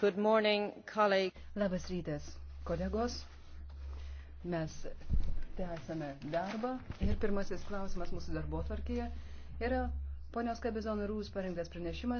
Good morning, colleague. Labas rytas, kolegos. Mes tęsame darbą ir pirmasis klausimas mūsų darbo tvarkyje yra ponios Kabizon Rūs parengtas pranešimas.